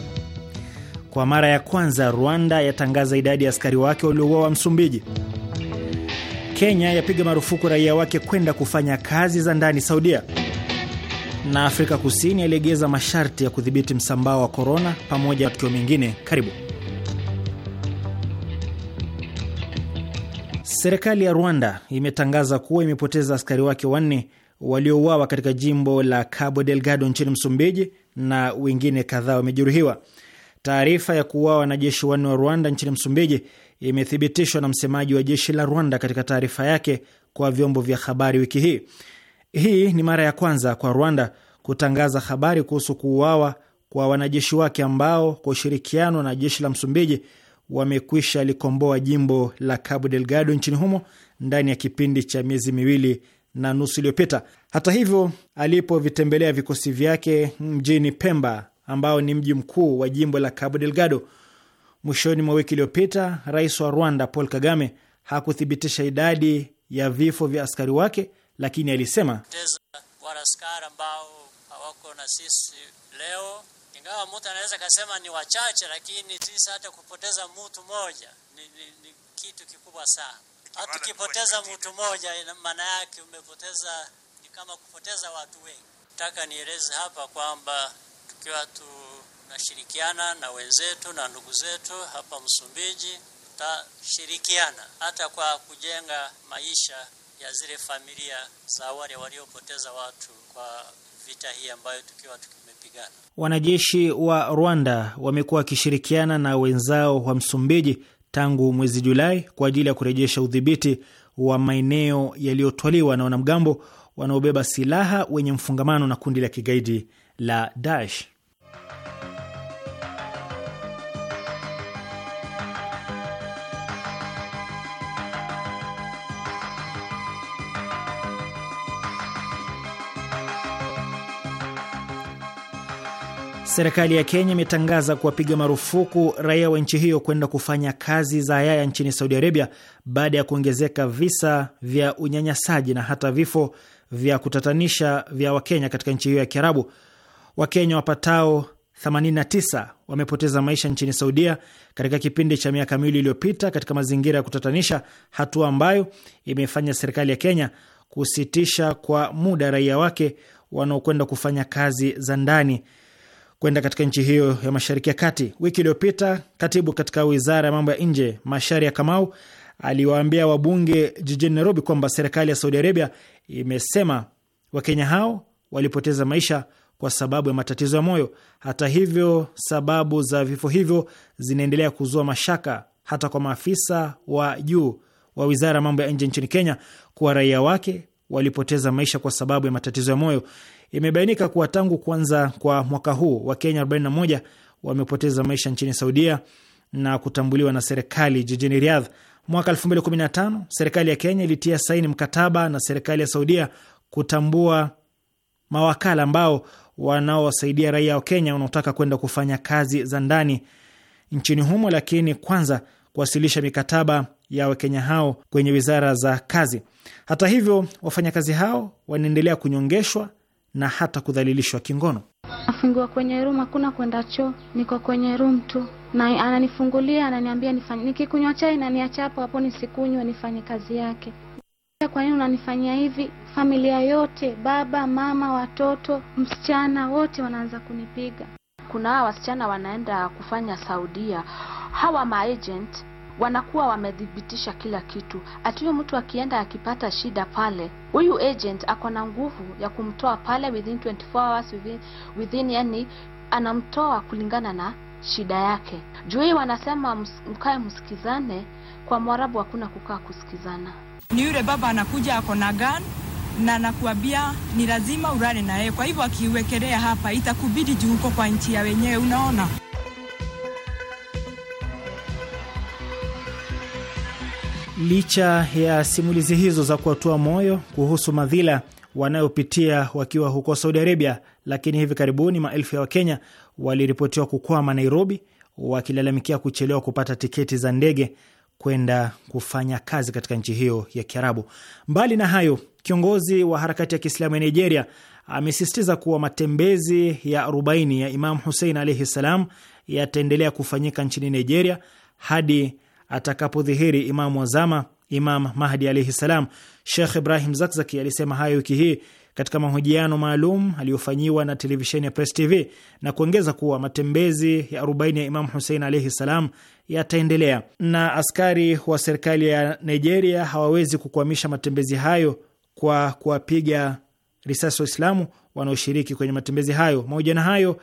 kwa mara ya kwanza Rwanda yatangaza idadi ya askari wake waliouawa Msumbiji, Kenya yapiga marufuku raia wake kwenda kufanya kazi za ndani Saudia, na Afrika Kusini yalegeza masharti ya kudhibiti msambao wa korona, pamoja na matukio mengine. Karibu. Serikali ya Rwanda imetangaza kuwa imepoteza askari wake wanne waliouawa katika jimbo la Cabo Delgado nchini Msumbiji na wengine kadhaa wamejeruhiwa. Taarifa ya kuuawa wanajeshi wanne wa Rwanda nchini Msumbiji imethibitishwa na msemaji wa jeshi la Rwanda katika taarifa yake kwa vyombo vya habari wiki hii. Hii ni mara ya kwanza kwa Rwanda kutangaza habari kuhusu kuuawa kwa wanajeshi wake ambao kwa ushirikiano na jeshi la Msumbiji wamekwisha likomboa jimbo la Cabo Delgado nchini humo ndani ya kipindi cha miezi miwili na nusu iliyopita. Hata hivyo, alipovitembelea vikosi vyake mjini Pemba, ambao ni mji mkuu wa jimbo la Cabo Delgado mwishoni mwa wiki iliyopita, rais wa Rwanda Paul Kagame hakuthibitisha idadi ya vifo vya askari wake, lakini alisema ambao hawako na sisi leo ingawa mtu anaweza kasema ni wachache, lakini sisi hata kupoteza mtu moja ni, ni, ni kitu kikubwa sana. Hata ukipoteza mtu moja, maana yake umepoteza, ni kama kupoteza watu wengi. Nataka nieleze hapa kwamba tukiwa tunashirikiana na wenzetu na ndugu zetu hapa Msumbiji, tutashirikiana hata kwa kujenga maisha ya zile familia za wale waliopoteza watu kwa vita hii ambayo tukiwa tuki mapigano. Wanajeshi wa Rwanda wamekuwa wakishirikiana na wenzao wa Msumbiji tangu mwezi Julai kwa ajili ya kurejesha udhibiti wa maeneo yaliyotwaliwa na wanamgambo wanaobeba silaha wenye mfungamano na kundi la kigaidi la Daesh. Serikali ya Kenya imetangaza kuwapiga marufuku raia wa nchi hiyo kwenda kufanya kazi za yaya nchini Saudi Arabia baada ya kuongezeka visa vya unyanyasaji na hata vifo vya kutatanisha vya Wakenya katika nchi hiyo ya Kiarabu. Wakenya wapatao 89 wamepoteza maisha nchini Saudia katika kipindi cha miaka miwili iliyopita katika mazingira ya kutatanisha, hatua ambayo imefanya serikali ya Kenya kusitisha kwa muda raia wake wanaokwenda kufanya kazi za ndani kwenda katika nchi hiyo ya Mashariki ya Kati. Wiki iliyopita, katibu katika wizara ya mambo ya nje Masharia Kamau aliwaambia wabunge jijini Nairobi kwamba serikali ya Saudi Arabia imesema Wakenya hao walipoteza maisha kwa sababu ya matatizo ya moyo. Hata hivyo, sababu za vifo hivyo zinaendelea kuzua mashaka hata kwa maafisa wa juu wa wizara ya mambo ya nje nchini Kenya kuwa raia wake walipoteza maisha kwa sababu ya matatizo ya moyo. Imebainika kuwa tangu kuanza kwa mwaka huu Wakenya 41 wamepoteza maisha nchini Saudia na kutambuliwa na serikali jijini Riyadh. Mwaka 2015 serikali ya Kenya ilitia saini mkataba na serikali ya Saudia kutambua mawakala ambao wanaowasaidia raia wa Kenya wanaotaka kwenda kufanya kazi za ndani nchini humo, lakini kwanza kuwasilisha mikataba ya Wakenya hao kwenye wizara za kazi. Hata hivyo, wafanyakazi hao wanaendelea kunyongeshwa na hata kudhalilishwa kingono. Nafungiwa kwenye rum hakuna kwenda choo, niko kwenye rum tu, na ananifungulia ananiambia nifanye, nikikunywa chai naniacha hapo hapo, nisikunywe nifanye kazi yake. Kwa nini unanifanyia hivi? Familia yote, baba, mama, watoto, msichana, wote wanaanza kunipiga. Kuna hawa wasichana wanaenda kufanya Saudia, hawa maagent wanakuwa wamethibitisha kila kitu. Atuyo mtu akienda akipata shida pale, huyu agent ako na nguvu ya kumtoa pale within 24 hours, within, within yani anamtoa kulingana na shida yake. Juu hii wanasema mkae msikizane, kwa mwarabu hakuna kukaa kusikizana. Ni yule baba anakuja ako na gun na nakuambia ni lazima urane na yeye. Kwa hivyo akiwekelea hapa, itakubidi juu huko kwa nchi ya wenyewe, unaona. Licha ya simulizi hizo za kuwatua moyo kuhusu madhila wanayopitia wakiwa huko Saudi Arabia, lakini hivi karibuni maelfu ya Wakenya waliripotiwa kukwama Nairobi wakilalamikia kuchelewa kupata tiketi za ndege kwenda kufanya kazi katika nchi hiyo ya Kiarabu. Mbali na hayo, kiongozi wa harakati ya Kiislamu ya Nigeria amesisitiza kuwa matembezi ya arobaini ya Imam husein alaihi salam yataendelea kufanyika nchini Nigeria hadi atakapodhihiri Imamu wazama Imam Mahdi alaihi salam. Shekh Ibrahim Zakzaki alisema hayo wiki hii katika mahojiano maalum aliyofanyiwa na televisheni ya Press TV na kuongeza kuwa matembezi ya arobaini ya Imamu Husein alaihi salam yataendelea na askari wa serikali ya Nigeria hawawezi kukwamisha matembezi hayo kwa kuwapiga risasi Waislamu wanaoshiriki kwenye matembezi hayo. Mahojiano hayo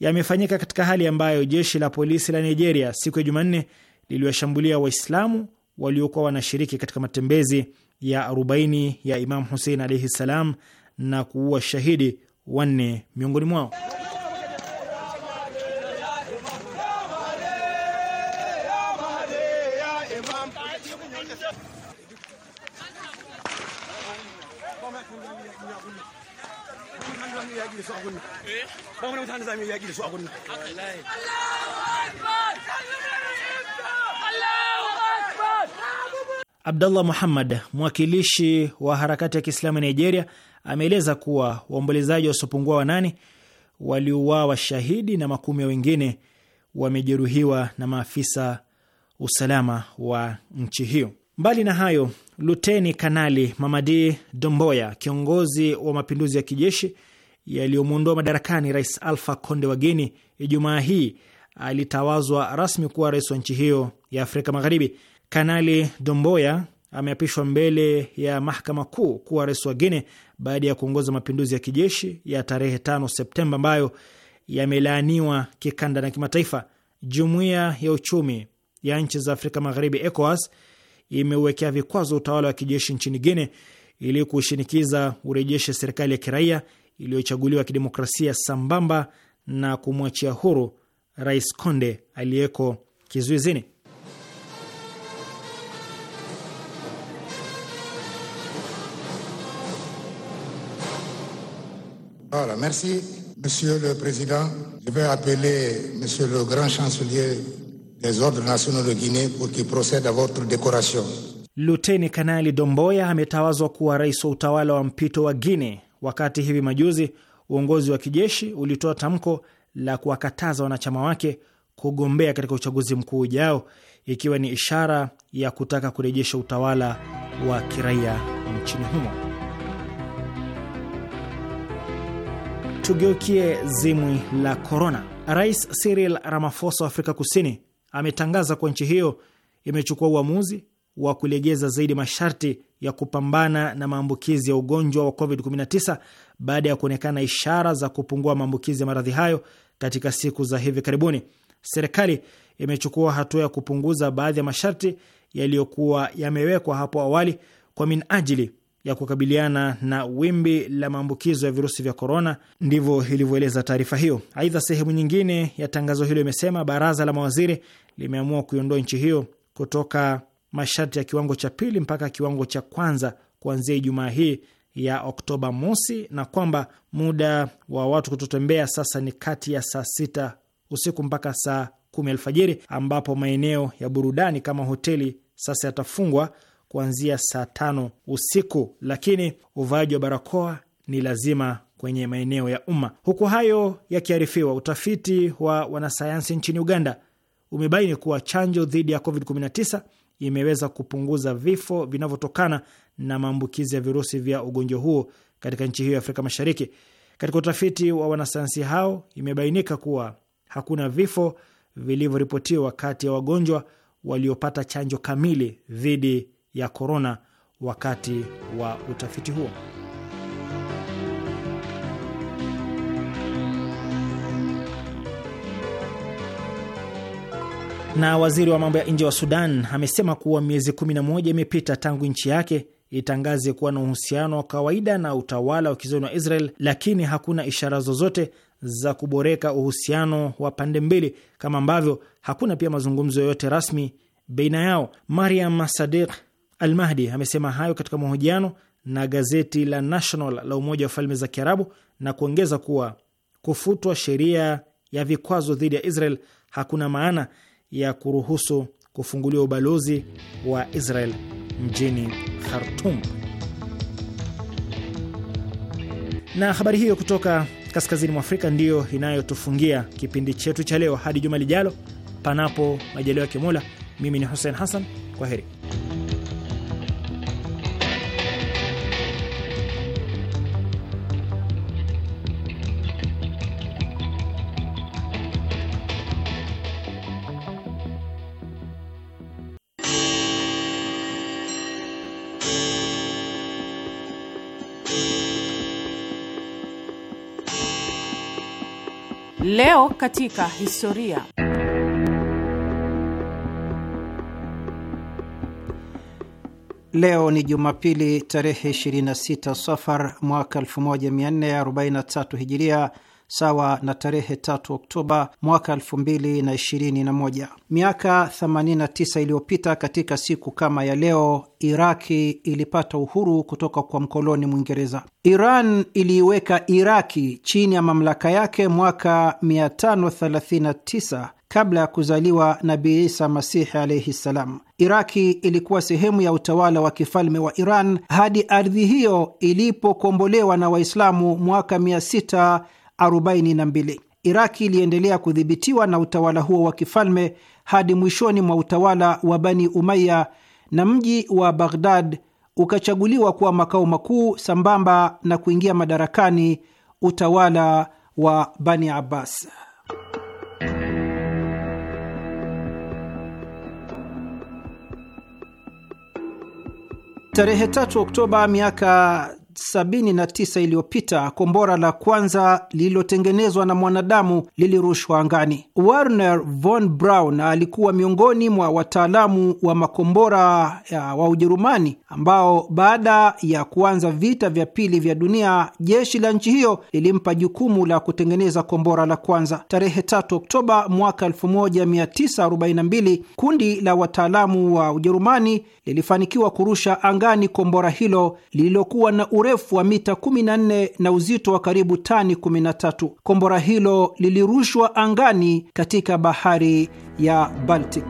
yamefanyika katika hali ambayo jeshi la polisi la Nigeria siku ya Jumanne liliwashambulia Waislamu waliokuwa wanashiriki katika matembezi ya 40 ya Imam Husein alaihi ssalam na kuua shahidi wanne miongoni mwao. Eh? Abdallah Muhammad, mwakilishi wa harakati ya Kiislamu ya Nigeria, ameeleza kuwa waombolezaji wasiopungua wanane waliuawa washahidi na makumi ya wengine wamejeruhiwa na maafisa usalama wa nchi hiyo. Mbali na hayo, Luteni Kanali Mamadi Domboya, kiongozi wa mapinduzi ya kijeshi yaliyomwondoa madarakani Rais Alfa Konde wa Guini, Ijumaa hii alitawazwa rasmi kuwa rais wa nchi hiyo ya Afrika Magharibi. Kanali Domboya ameapishwa mbele ya mahakama kuu kuwa rais wa Guine baada ya kuongoza mapinduzi ya kijeshi ya tarehe 5 Septemba ambayo yamelaaniwa kikanda na kimataifa. Jumuiya ya uchumi ya nchi za Afrika Magharibi, ECOWAS, imeuwekea vikwazo utawala wa kijeshi nchini Guine ili kushinikiza urejeshe serikali ya kiraia iliyochaguliwa kidemokrasia sambamba na kumwachia huru Rais Konde aliyeko kizuizini. Voilà, merci, Monsieur le Président. Je vais appeler Monsieur le Grand Chancelier des Ordres Nationaux de Guinée pour qu'il procède à votre décoration. Luteni Kanali Domboya ametawazwa kuwa rais wa utawala wa mpito wa Guinea, wakati hivi majuzi uongozi wa kijeshi ulitoa tamko la kuwakataza wanachama wake kugombea katika uchaguzi mkuu ujao, ikiwa ni ishara ya kutaka kurejesha utawala wa kiraia nchini humo. Tugeukie zimwi la korona. Rais Cyril Ramaphosa wa Afrika Kusini ametangaza kuwa nchi hiyo imechukua uamuzi wa kulegeza zaidi masharti ya kupambana na maambukizi ya ugonjwa wa COVID-19 baada ya kuonekana ishara za kupungua maambukizi ya maradhi hayo katika siku za hivi karibuni. Serikali imechukua hatua ya kupunguza baadhi ya masharti yaliyokuwa yamewekwa hapo awali kwa minajili ya kukabiliana na wimbi la maambukizo ya virusi vya korona, ndivyo ilivyoeleza taarifa hiyo. Aidha, sehemu nyingine ya tangazo hilo imesema baraza la mawaziri limeamua kuiondoa nchi hiyo kutoka masharti ya kiwango cha pili mpaka kiwango cha kwanza kuanzia Ijumaa hii ya Oktoba mosi, na kwamba muda wa watu kutotembea sasa ni kati ya saa sita usiku mpaka saa kumi alfajiri, ambapo maeneo ya burudani kama hoteli sasa yatafungwa kuanzia saa tano usiku, lakini uvaaji wa barakoa ni lazima kwenye maeneo ya umma. Huku hayo yakiarifiwa, utafiti wa wanasayansi nchini Uganda umebaini kuwa chanjo dhidi ya COVID-19 imeweza kupunguza vifo vinavyotokana na maambukizi ya virusi vya ugonjwa huo katika nchi hiyo ya Afrika Mashariki. Katika utafiti wa wanasayansi hao, imebainika kuwa hakuna vifo vilivyoripotiwa kati ya wagonjwa waliopata chanjo kamili dhidi ya korona wakati wa utafiti huo. Na waziri wa mambo ya nje wa Sudan amesema kuwa miezi 11 imepita tangu nchi yake itangaze kuwa na uhusiano wa kawaida na utawala wa kizoni wa Israel, lakini hakuna ishara zozote za kuboreka uhusiano wa pande mbili, kama ambavyo hakuna pia mazungumzo yoyote rasmi baina yao. Mariam Sadiq Almahdi amesema hayo katika mahojiano na gazeti la National la Umoja wa Falme za Kiarabu na kuongeza kuwa kufutwa sheria ya vikwazo dhidi ya Israel hakuna maana ya kuruhusu kufunguliwa ubalozi wa Israel mjini Khartum. Na habari hiyo kutoka kaskazini mwa Afrika ndiyo inayotufungia kipindi chetu cha leo. Hadi juma lijalo, panapo majaliwa ya kimola mimi ni Hussein Hassan, kwa heri. katika historia. Leo ni Jumapili tarehe 26 Safar mwaka 1443 Hijiria, sawa na tarehe 3 Oktoba mwaka 2021. Miaka 89 iliyopita katika siku kama ya leo, Iraki ilipata uhuru kutoka kwa mkoloni Mwingereza. Iran iliiweka Iraki chini ya mamlaka yake mwaka 539 kabla ya kuzaliwa nabi Isa Masihi alaihi ssalam. Iraki ilikuwa sehemu ya utawala wa kifalme wa Iran hadi ardhi hiyo ilipokombolewa na Waislamu mwaka 600 42. Iraki iliendelea kudhibitiwa na utawala huo wa kifalme hadi mwishoni mwa utawala wa Bani Umaya na mji wa Baghdad ukachaguliwa kuwa makao makuu sambamba na kuingia madarakani utawala wa Bani Abbas. Tarehe 3 Oktoba miaka 79 iliyopita kombora la kwanza lililotengenezwa na mwanadamu lilirushwa angani. Werner von Braun alikuwa miongoni mwa wataalamu wa makombora wa Ujerumani ambao baada ya kuanza vita vya pili vya dunia jeshi la nchi hiyo lilimpa jukumu la kutengeneza kombora la kwanza. Tarehe 3 Oktoba mwaka 1942 kundi la wataalamu wa Ujerumani lilifanikiwa kurusha angani kombora hilo lililokuwa na urefu wa mita 14 na uzito wa karibu tani 13. Kombora hilo lilirushwa angani katika bahari ya Baltic.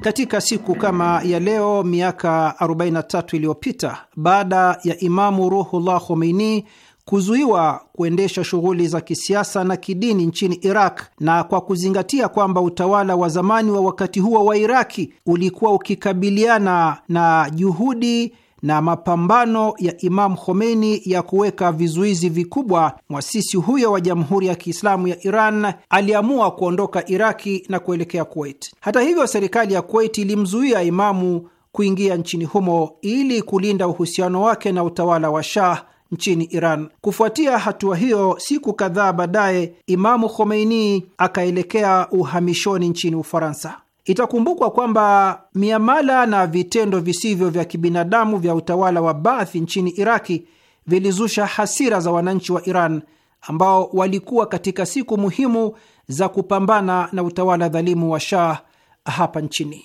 Katika siku kama ya leo miaka 43 iliyopita, baada ya Imamu Ruhullah Khomeini kuzuiwa kuendesha shughuli za kisiasa na kidini nchini Iraq, na kwa kuzingatia kwamba utawala wa zamani wa wakati huo wa Iraki ulikuwa ukikabiliana na juhudi na mapambano ya Imam Khomeini ya kuweka vizuizi vikubwa, mwasisi huyo wa Jamhuri ya Kiislamu ya Iran aliamua kuondoka Iraki na kuelekea Kuwait. Hata hivyo, serikali ya Kuwait ilimzuia Imamu kuingia nchini humo ili kulinda uhusiano wake na utawala wa Shah nchini Iran. Kufuatia hatua hiyo, siku kadhaa baadaye, Imamu Khomeini akaelekea uhamishoni nchini Ufaransa. Itakumbukwa kwamba miamala na vitendo visivyo vya kibinadamu vya utawala wa Baathi nchini Iraki vilizusha hasira za wananchi wa Iran ambao walikuwa katika siku muhimu za kupambana na utawala dhalimu wa Shah hapa nchini.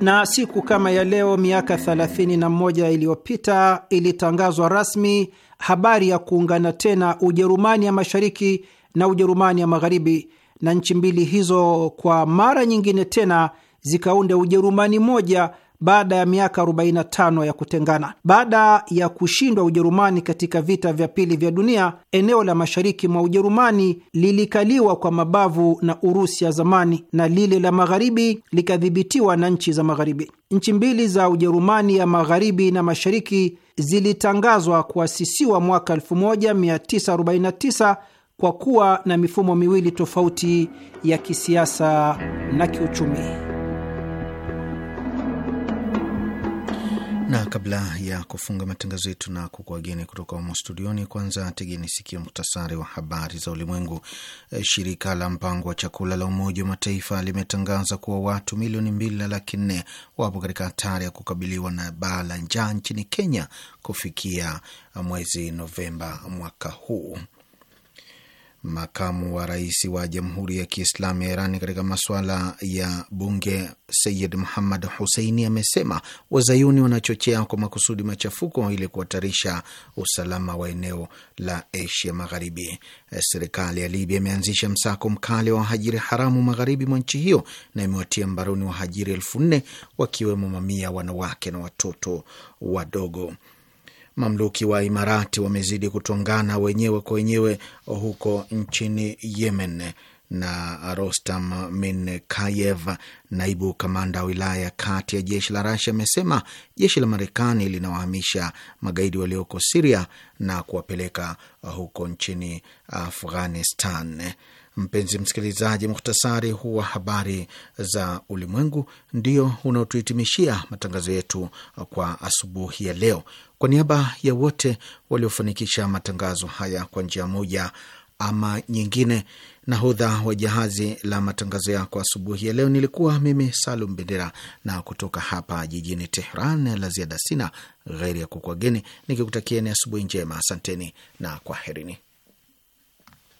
na siku kama ya leo miaka 31 iliyopita ilitangazwa rasmi habari ya kuungana tena Ujerumani ya mashariki na Ujerumani ya magharibi, na nchi mbili hizo kwa mara nyingine tena zikaunda Ujerumani moja baada ya miaka 45 ya kutengana. Baada ya kushindwa Ujerumani katika vita vya pili vya dunia, eneo la mashariki mwa Ujerumani lilikaliwa kwa mabavu na Urusi ya zamani na lile la magharibi likadhibitiwa na nchi za magharibi. Nchi mbili za Ujerumani ya magharibi na mashariki zilitangazwa kuasisiwa mwaka 1949 kwa kuwa na mifumo miwili tofauti ya kisiasa na kiuchumi. Na kabla ya kufunga matangazo yetu na kukuageni kutoka humo studioni, kwanza tegeni sikio muhtasari wa habari za ulimwengu. Eh, shirika la mpango wa chakula la Umoja wa Mataifa limetangaza kuwa watu milioni mbili na laki nne wapo katika hatari ya kukabiliwa na baa la njaa nchini Kenya kufikia mwezi Novemba mwaka huu makamu wa rais wa Jamhuri ya Kiislamu ya Iran katika masuala ya bunge Sayid Muhammad Huseini amesema wazayuni wanachochea kwa makusudi machafuko ili kuhatarisha usalama wa eneo la Asia Magharibi. Serikali ya Libya imeanzisha msako mkali wa wahajiri haramu magharibi mwa nchi hiyo na imewatia mbaroni wahajiri elfu nne wakiwemo mamia wanawake na watoto wadogo. Mamluki wa Imarati wamezidi kutongana wenyewe kwa wenyewe huko nchini Yemen na Rostam Minkayev, naibu kamanda wa wilaya ya kati ya jeshi la Rasia, amesema jeshi la Marekani linawahamisha magaidi walioko Siria na kuwapeleka huko nchini Afghanistan. Mpenzi msikilizaji, muhtasari huu wa habari za ulimwengu ndio unaotuhitimishia matangazo yetu kwa asubuhi ya leo. Kwa niaba ya wote waliofanikisha matangazo haya kwa njia moja ama nyingine, nahodha wa jahazi la matangazo yako asubuhi ya leo nilikuwa mimi Salum Bendera, na kutoka hapa jijini Tehran la ziada sina ghairi ya kukwageni nikikutakieni asubuhi njema. Asanteni na kwaherini.